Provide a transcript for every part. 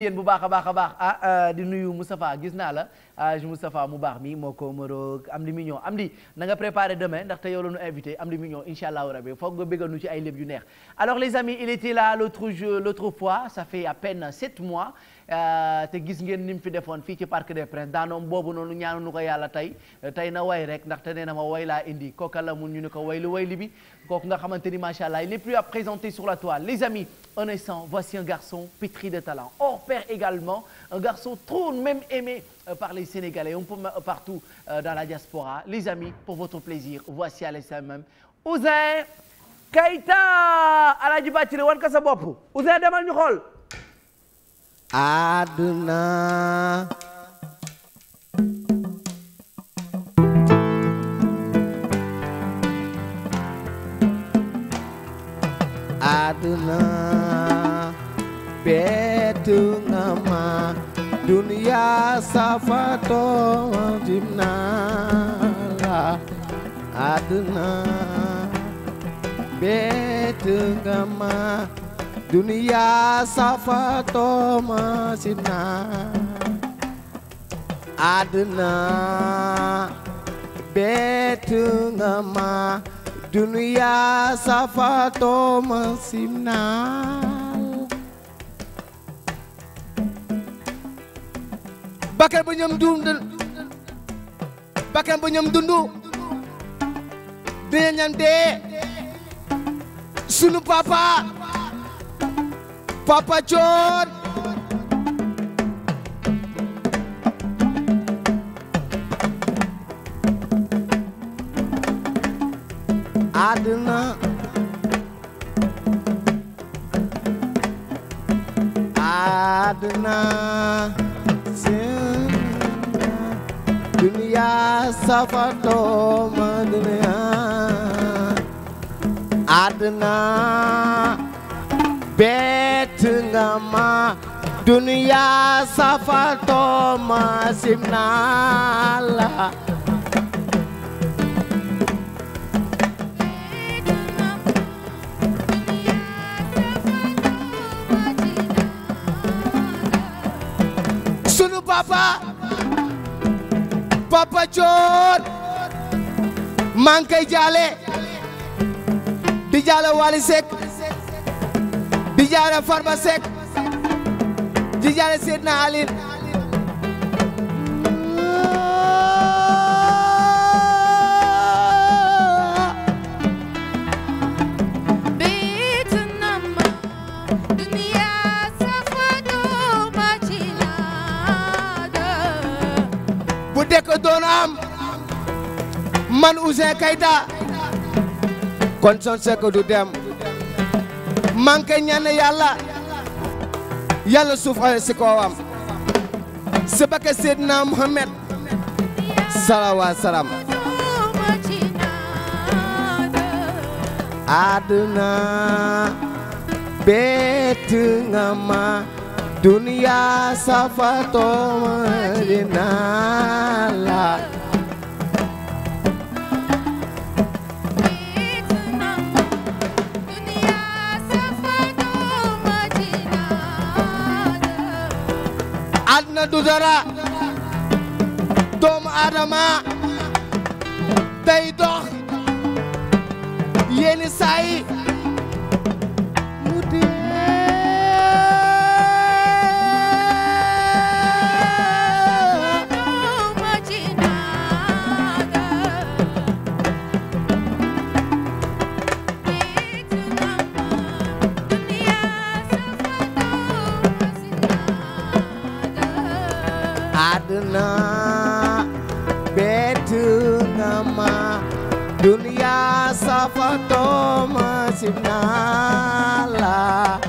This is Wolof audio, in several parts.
yéen bu baax a baax a baax ah euh, di nuyu Moustapha gis naa la age ah, Moustapha mu baax mi moo ko moroog am di mignon am di na nga préparé demain ndaxte yow la ñu invité am di mignon incha allahu rabi foog nga bégal nu ci ay léeb yu neex alors les amis il était là l'autre jour l'autre fois ça fait à peine sept mois Euh, te gis ngeen ni mu fi defoon fii ci Parc des Princes daanoom boobu noonu ñaanunu ko yàlla tey tey na way rek ndaxte nee na ma indi kooka la mun ñu ni ko waylu wayli bi kooku nga xamante ni macha allah il n'est plus à présenter sur la toile les amis un instant voici un garçon pétri de talent hors pair également un garçon trop même aimé euh, par les Sénégalais un euh, pour votre plaisir voici à même Ouzin Keita Alaaji Bàcciri wan ko sa bopp Ouzin demal ñu àdduna àdduna betu ngama dunia safato dimna la àdduna betu ngama دنيا صفاتو ما سنا àdduna bett nga ma duniya safatoo ma simnaal bakkan bu ñoom dund bakkan bu dee sunu papa Papa Thione àdduna àdduna seen duniya safatoo ma duniya àdduna bett nga ma duniya safatoo ma naa la sunu papa papa coor maa jaale di jaale Wally di jaare Farba Seck di jaare Seydina Aline bu dekk doon am man Ouzin Keita kon du dem maa ngi koy ñaan yàlla yàlla suuf oyof si kawam si bakke Seydina Muhammad salawa salaam àdduna bett nga ma duniya safa tooma dina la àdduna du dara doomu aadama day dox yenn saa nama dunia safato masibnala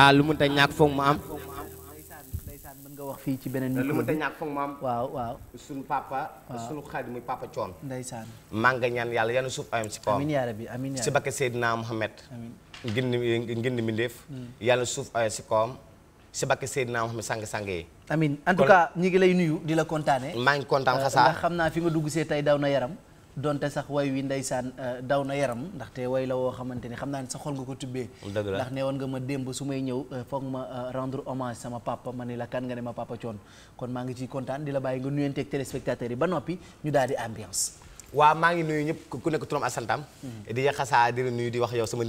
ah lu mënta ñàkk foog mu am. ndeysaan mën nga wax fii ci beneen. lu mënta ñàkk foog mu am. waaw waaw suñu papa. waaw suñu xarit muy papa Thion. ndeysaan. maa nga ñaan yàlla yal na suuf ayam si kawam. amiin yaa rabbi amiin yaa rabbi si bakke Seydina Mohamed. amiin hmm. na si kawam. si bakke sang-sang yi. amiin en tout ñi ngi lay nuyu di la kontaane. maa ngi kontaan xasaa euh, ndax xam naa fi nga dugg see tey daw na yaram. donte sax way wi ndeysaan euh, daw na yaram ndaxte way la woo xamante ni xam naa ne sa xol nga ko tibbee ndax ne woon nga ma démb su may ñëw euh, foog ma euh, rendre hommage sama papa ma ni la kan nga ne ma papa coon kon maa ngi ciy kontaan di la bàyyi nga nuyanteeg téléspectateurs yi ba noppi ñu daal di ambiance waaw maa ngi nuyu ñëpp ku nekk turam asantam hmm. di xasaa di la di wax yow sama